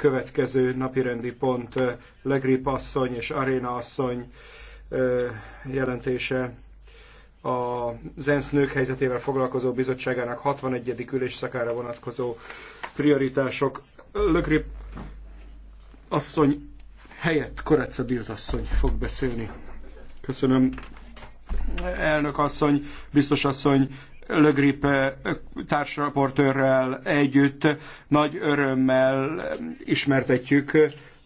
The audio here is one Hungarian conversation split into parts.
következő napirendi pont Legrip asszony és Aréna asszony jelentése az ENSZ nők helyzetével foglalkozó bizottságának 61. ülésszakára vonatkozó prioritások. Legrip asszony helyett Koretsa Bilt asszony fog beszélni. Köszönöm. Elnök asszony, biztos asszony, le Grip társraportőrrel együtt nagy örömmel ismertetjük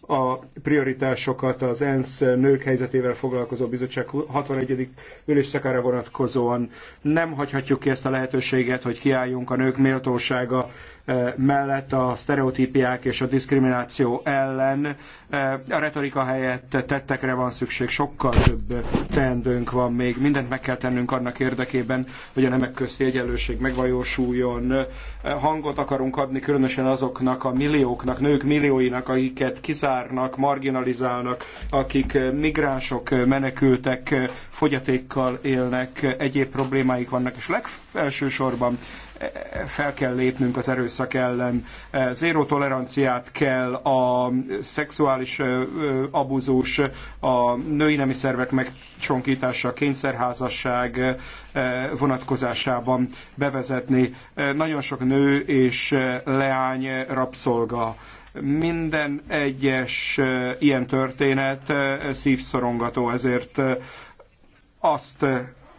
a prioritásokat az ENSZ nők helyzetével foglalkozó bizottság 61. ülésszakára vonatkozóan. Nem hagyhatjuk ki ezt a lehetőséget, hogy kiálljunk a nők méltósága mellett a sztereotípiák és a diszkrimináció ellen a retorika helyett tettekre van szükség, sokkal több teendőnk van még, mindent meg kell tennünk annak érdekében, hogy a nemek közti egyenlőség megvalósuljon. Hangot akarunk adni különösen azoknak a millióknak, nők millióinak, akiket kizárnak, marginalizálnak, akik migránsok, menekültek, fogyatékkal élnek, egyéb problémáik vannak, és legfelsősorban fel kell lépnünk az erőszak ellen. Zéró toleranciát kell a szexuális abuzós, a női nemi szervek megcsonkítása, a kényszerházasság vonatkozásában bevezetni. Nagyon sok nő és leány rabszolga minden egyes ilyen történet szívszorongató, ezért azt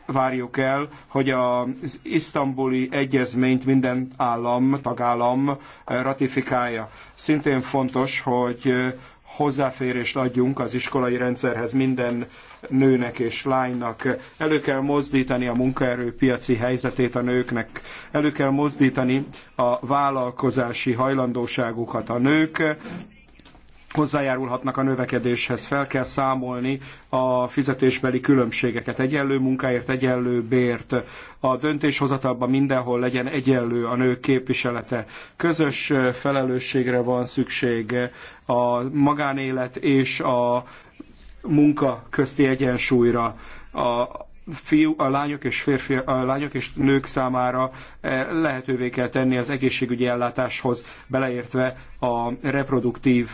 várjuk el, hogy az isztambuli egyezményt minden állam, tagállam eh, ratifikálja. Szintén fontos, hogy eh, hozzáférést adjunk az iskolai rendszerhez minden nőnek és lánynak. Elő kell mozdítani a munkaerőpiaci helyzetét a nőknek. Elő kell mozdítani a vállalkozási hajlandóságukat a nők hozzájárulhatnak a növekedéshez. Fel kell számolni a fizetésbeli különbségeket. Egyenlő munkáért, egyenlő bért. A döntéshozatalban mindenhol legyen egyenlő a nők képviselete. Közös felelősségre van szükség a magánélet és a munka közti egyensúlyra. A, fiú, a lányok és férfi, a lányok és nők számára lehetővé kell tenni az egészségügyi ellátáshoz, beleértve a reproduktív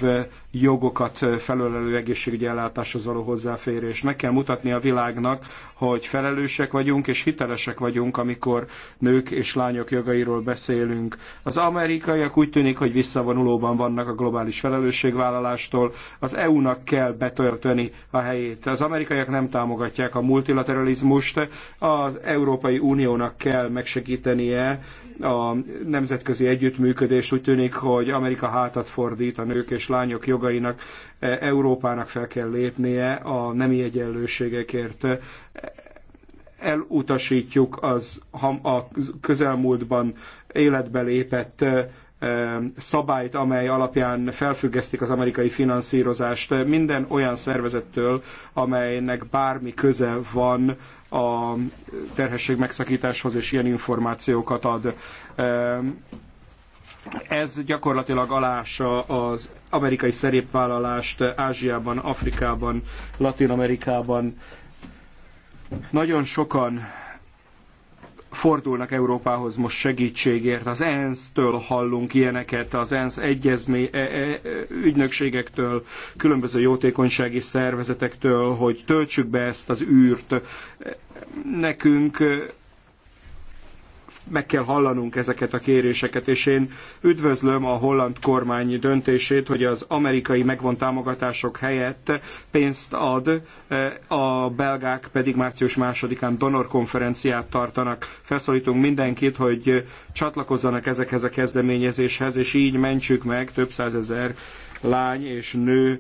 jogokat felölelő egészségügyi ellátáshoz való hozzáférés. Meg kell mutatni a világnak, hogy felelősek vagyunk és hitelesek vagyunk, amikor nők és lányok jogairól beszélünk. Az amerikaiak úgy tűnik, hogy visszavonulóban vannak a globális felelősségvállalástól. Az EU-nak kell betölteni a helyét. Az amerikaiak nem támogatják a multilateralizmust, az Európai Uniónak kell megsegítenie a nemzetközi együttműködést. Úgy tűnik, hogy Amerika hátat fordít a nők és lányok jogairól jogainak e, Európának fel kell lépnie a nemi egyenlőségekért. Elutasítjuk az a közelmúltban életbe lépett e, szabályt, amely alapján felfüggesztik az amerikai finanszírozást minden olyan szervezettől, amelynek bármi köze van a terhesség megszakításhoz, és ilyen információkat ad e, ez gyakorlatilag alása az amerikai szerepvállalást Ázsiában, Afrikában, Latin Amerikában. Nagyon sokan fordulnak Európához most segítségért. Az ENSZ-től hallunk ilyeneket, az ENSZ egyezmé, e, e, ügynökségektől, különböző jótékonysági szervezetektől, hogy töltsük be ezt az űrt. Nekünk meg kell hallanunk ezeket a kéréseket, és én üdvözlöm a holland kormány döntését, hogy az amerikai megvont támogatások helyett pénzt ad, eh, a belgák pedig március másodikán donorkonferenciát tartanak. Felszólítunk mindenkit, hogy csatlakozzanak ezekhez a kezdeményezéshez, és így mentsük meg több százezer lány és nő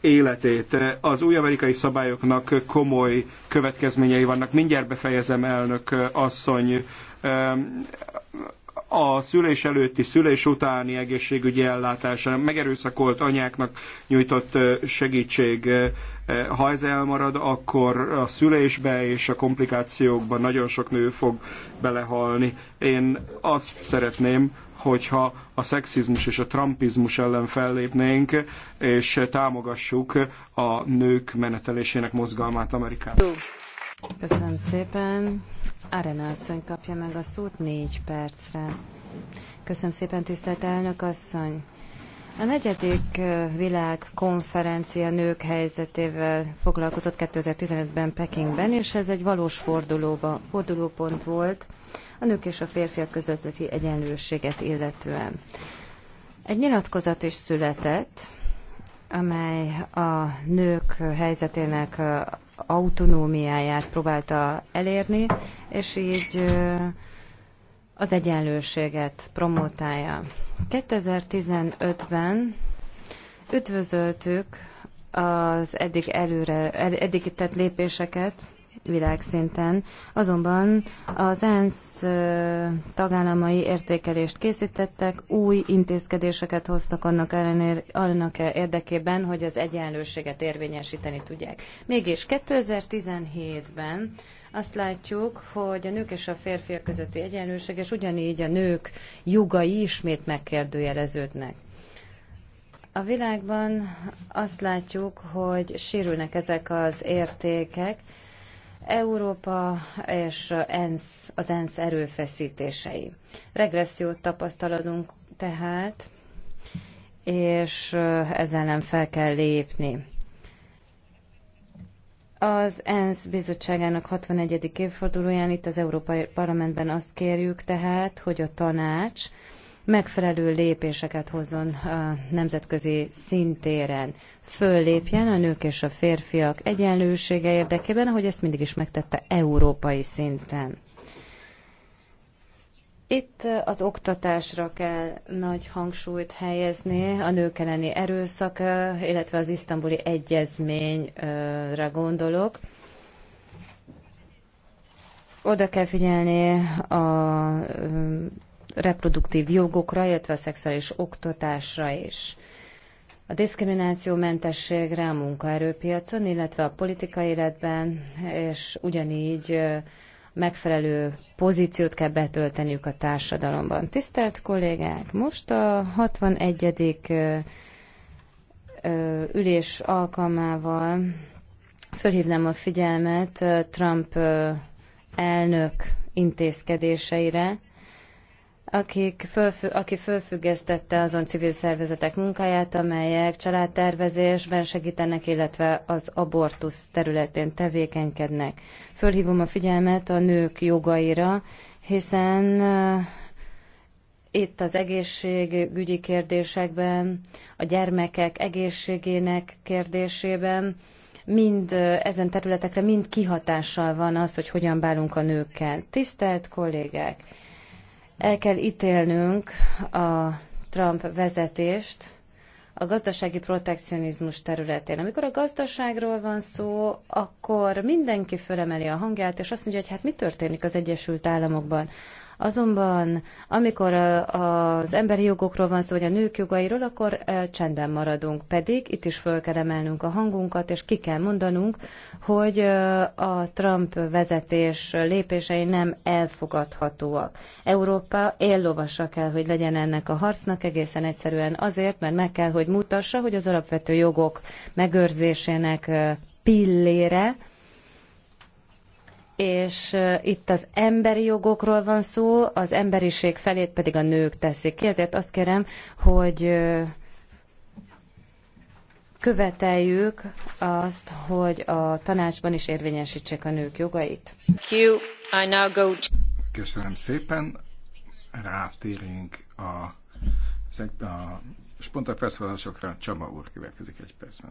életét. Az új amerikai szabályoknak komoly következményei vannak. Mindjárt befejezem, elnök asszony a szülés előtti, szülés utáni egészségügyi ellátása, megerőszakolt anyáknak nyújtott segítség. Ha ez elmarad, akkor a szülésbe és a komplikációkban nagyon sok nő fog belehalni. Én azt szeretném, hogyha a szexizmus és a trumpizmus ellen fellépnénk, és támogassuk a nők menetelésének mozgalmát Amerikában. Köszönöm szépen. Arena asszony kapja meg a szót négy percre. Köszönöm szépen, tisztelt elnök asszony. A negyedik világkonferencia nők helyzetével foglalkozott 2015-ben Pekingben, és ez egy valós fordulóba, fordulópont volt a nők és a férfiak közötti egyenlőséget illetően. Egy nyilatkozat is született, amely a nők helyzetének autonómiáját próbálta elérni, és így az egyenlőséget promotálja. 2015-ben üdvözöltük az eddig előre, eddig tett lépéseket, világszinten. Azonban az ENSZ tagállamai értékelést készítettek, új intézkedéseket hoztak annak, ellenér, annak érdekében, hogy az egyenlőséget érvényesíteni tudják. Mégis 2017-ben azt látjuk, hogy a nők és a férfiak közötti egyenlőség, és ugyanígy a nők jogai ismét megkérdőjeleződnek. A világban azt látjuk, hogy sérülnek ezek az értékek, Európa és ENSZ, az ENSZ erőfeszítései. Regressziót tapasztalunk tehát, és ezzel nem fel kell lépni. Az ENSZ bizottságának 61. évfordulóján itt az Európai Parlamentben azt kérjük tehát, hogy a tanács megfelelő lépéseket hozzon a nemzetközi szintéren, föllépjen a nők és a férfiak egyenlősége érdekében, ahogy ezt mindig is megtette európai szinten. Itt az oktatásra kell nagy hangsúlyt helyezni, a nők elleni erőszak, illetve az isztambuli egyezményre gondolok. Oda kell figyelni a reproduktív jogokra, illetve a szexuális oktatásra is. A mentességre a munkaerőpiacon, illetve a politikai életben, és ugyanígy megfelelő pozíciót kell betölteniük a társadalomban. Tisztelt kollégák, most a 61. ülés alkalmával fölhívnám a figyelmet Trump elnök intézkedéseire, akik fölfü, aki fölfüggesztette azon civil szervezetek munkáját, amelyek családtervezésben segítenek, illetve az abortusz területén tevékenykednek. Fölhívom a figyelmet a nők jogaira, hiszen eh, itt az egészségügyi kérdésekben, a gyermekek egészségének kérdésében, mind eh, ezen területekre mind kihatással van az, hogy hogyan bálunk a nőkkel. Tisztelt kollégák! El kell ítélnünk a Trump vezetést a gazdasági protekcionizmus területén. Amikor a gazdaságról van szó, akkor mindenki fölemeli a hangját, és azt mondja, hogy hát mi történik az Egyesült Államokban. Azonban, amikor az emberi jogokról van szó, vagy a nők jogairól, akkor csendben maradunk. Pedig itt is föl kell emelnünk a hangunkat, és ki kell mondanunk, hogy a Trump vezetés lépései nem elfogadhatóak. Európa éllovasa kell, hogy legyen ennek a harcnak egészen egyszerűen azért, mert meg kell, hogy mutassa, hogy az alapvető jogok megőrzésének pillére, és itt az emberi jogokról van szó, az emberiség felét pedig a nők teszik ki, ezért azt kérem, hogy követeljük azt, hogy a tanácsban is érvényesítsék a nők jogait. Köszönöm szépen. Rátérünk a, a spontán felszólalásokra. Csaba úr következik egy percben.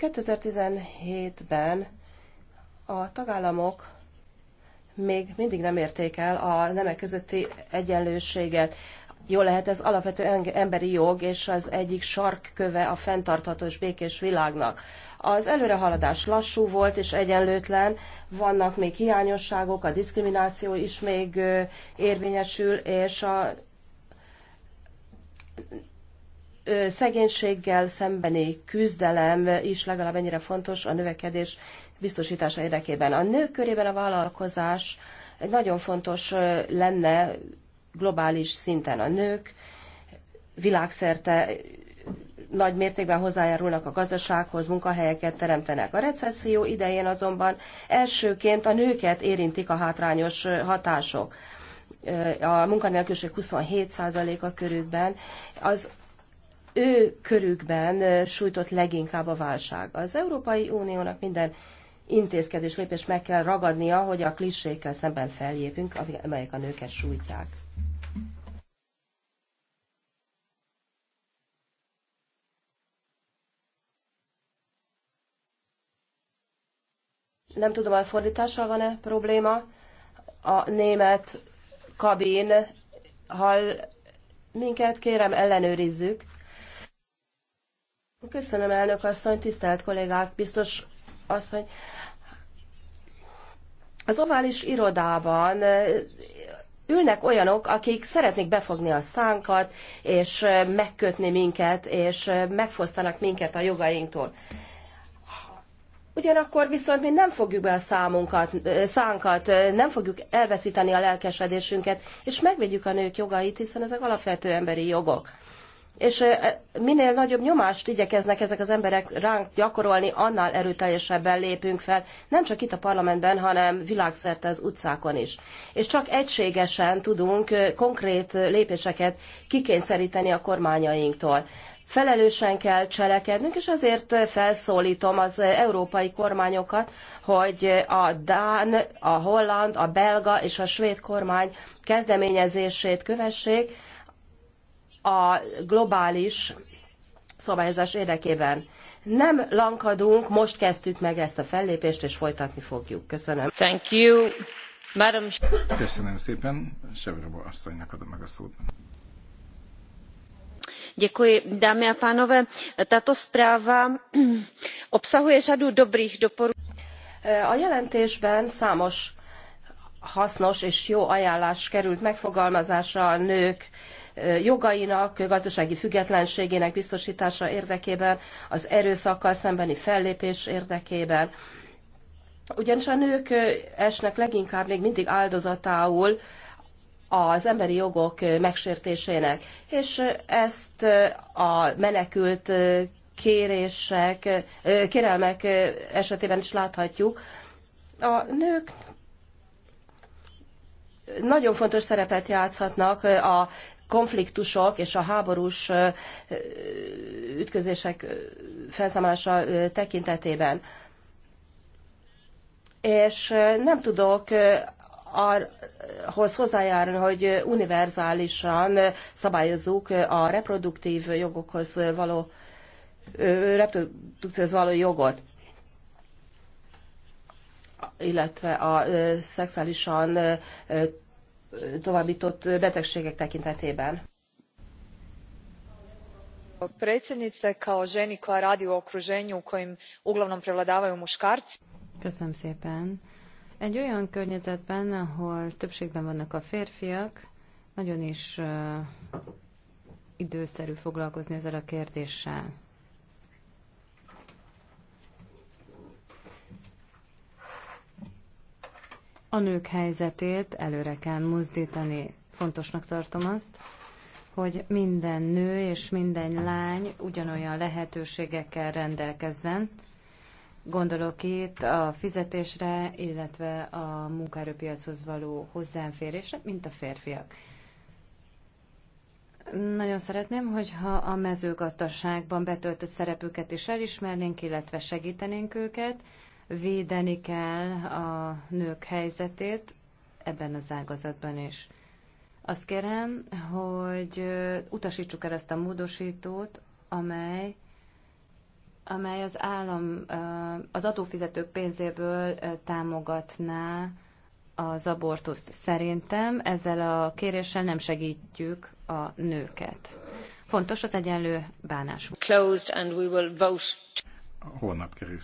2017-ben a tagállamok még mindig nem érték el a nemek közötti egyenlőséget. Jó lehet, ez alapvető emberi jog, és az egyik sarkköve a fenntartható és békés világnak. Az előrehaladás lassú volt és egyenlőtlen, vannak még hiányosságok, a diszkrimináció is még érvényesül, és a szegénységgel szembeni küzdelem is legalább ennyire fontos a növekedés biztosítása érdekében. A nők körében a vállalkozás egy nagyon fontos lenne globális szinten a nők, világszerte nagy mértékben hozzájárulnak a gazdasághoz, munkahelyeket teremtenek. A recesszió idején azonban elsőként a nőket érintik a hátrányos hatások. A munkanélküliség 27%-a körülben. Az ő körükben sújtott leginkább a válság. Az Európai Uniónak minden intézkedés lépés meg kell ragadnia, hogy a klissékkel szemben feljépünk, amelyek a nőket sújtják. Nem tudom, a fordítással van-e probléma. A német kabin hall minket, kérem ellenőrizzük. Köszönöm, elnök asszony, tisztelt kollégák, biztos asszony. Az ovális irodában ülnek olyanok, akik szeretnék befogni a szánkat, és megkötni minket, és megfosztanak minket a jogainktól. Ugyanakkor viszont mi nem fogjuk be a számunkat, szánkat, nem fogjuk elveszíteni a lelkesedésünket, és megvédjük a nők jogait, hiszen ezek alapvető emberi jogok és minél nagyobb nyomást igyekeznek ezek az emberek ránk gyakorolni, annál erőteljesebben lépünk fel, nem csak itt a parlamentben, hanem világszerte az utcákon is. És csak egységesen tudunk konkrét lépéseket kikényszeríteni a kormányainktól. Felelősen kell cselekednünk, és azért felszólítom az európai kormányokat, hogy a Dán, a holland, a belga és a svéd kormány kezdeményezését kövessék, a globális szabályozás érdekében. Nem lankadunk, most kezdtük meg ezt a fellépést, és folytatni fogjuk. Köszönöm. Thank you. Madam... Köszönöm szépen. Sevrebo asszonynak adom meg a szót. Děkuji. Dámy a pánové, tato zpráva obsahuje řadu dobrých doporučení. A jelentésben számos hasznos és jó ajánlás került megfogalmazásra a nők jogainak, gazdasági függetlenségének biztosítása érdekében, az erőszakkal szembeni fellépés érdekében. Ugyanis a nők esnek leginkább még mindig áldozatául az emberi jogok megsértésének, és ezt a menekült kérések, kérelmek esetében is láthatjuk. A nők nagyon fontos szerepet játszhatnak a konfliktusok és a háborús ütközések felszámolása tekintetében. És nem tudok ahhoz hozzájárni, hogy univerzálisan szabályozzuk a reproduktív jogokhoz való reprodukcióhoz való jogot illetve a szexuálisan továbbított betegségek tekintetében. Predsednice, kao ženi koja radi u okruženju u kojem uglavnom prevladavaju muškarci. Köszönöm szépen. Egy olyan környezetben, ahol többségben vannak a férfiak, nagyon is uh, időszerű foglalkozni ezzel a kérdéssel. a nők helyzetét előre kell mozdítani. Fontosnak tartom azt, hogy minden nő és minden lány ugyanolyan lehetőségekkel rendelkezzen. Gondolok itt a fizetésre, illetve a munkaerőpiachoz való hozzáférésre, mint a férfiak. Nagyon szeretném, hogyha a mezőgazdaságban betöltött szerepüket is elismernénk, illetve segítenénk őket, védeni kell a nők helyzetét ebben az ágazatban is. Azt kérem, hogy utasítsuk el ezt a módosítót, amely amely az állam, az adófizetők pénzéből támogatná az abortuszt. Szerintem ezzel a kéréssel nem segítjük a nőket. Fontos az egyenlő bánás. Closed and we will vote. Holnap kerül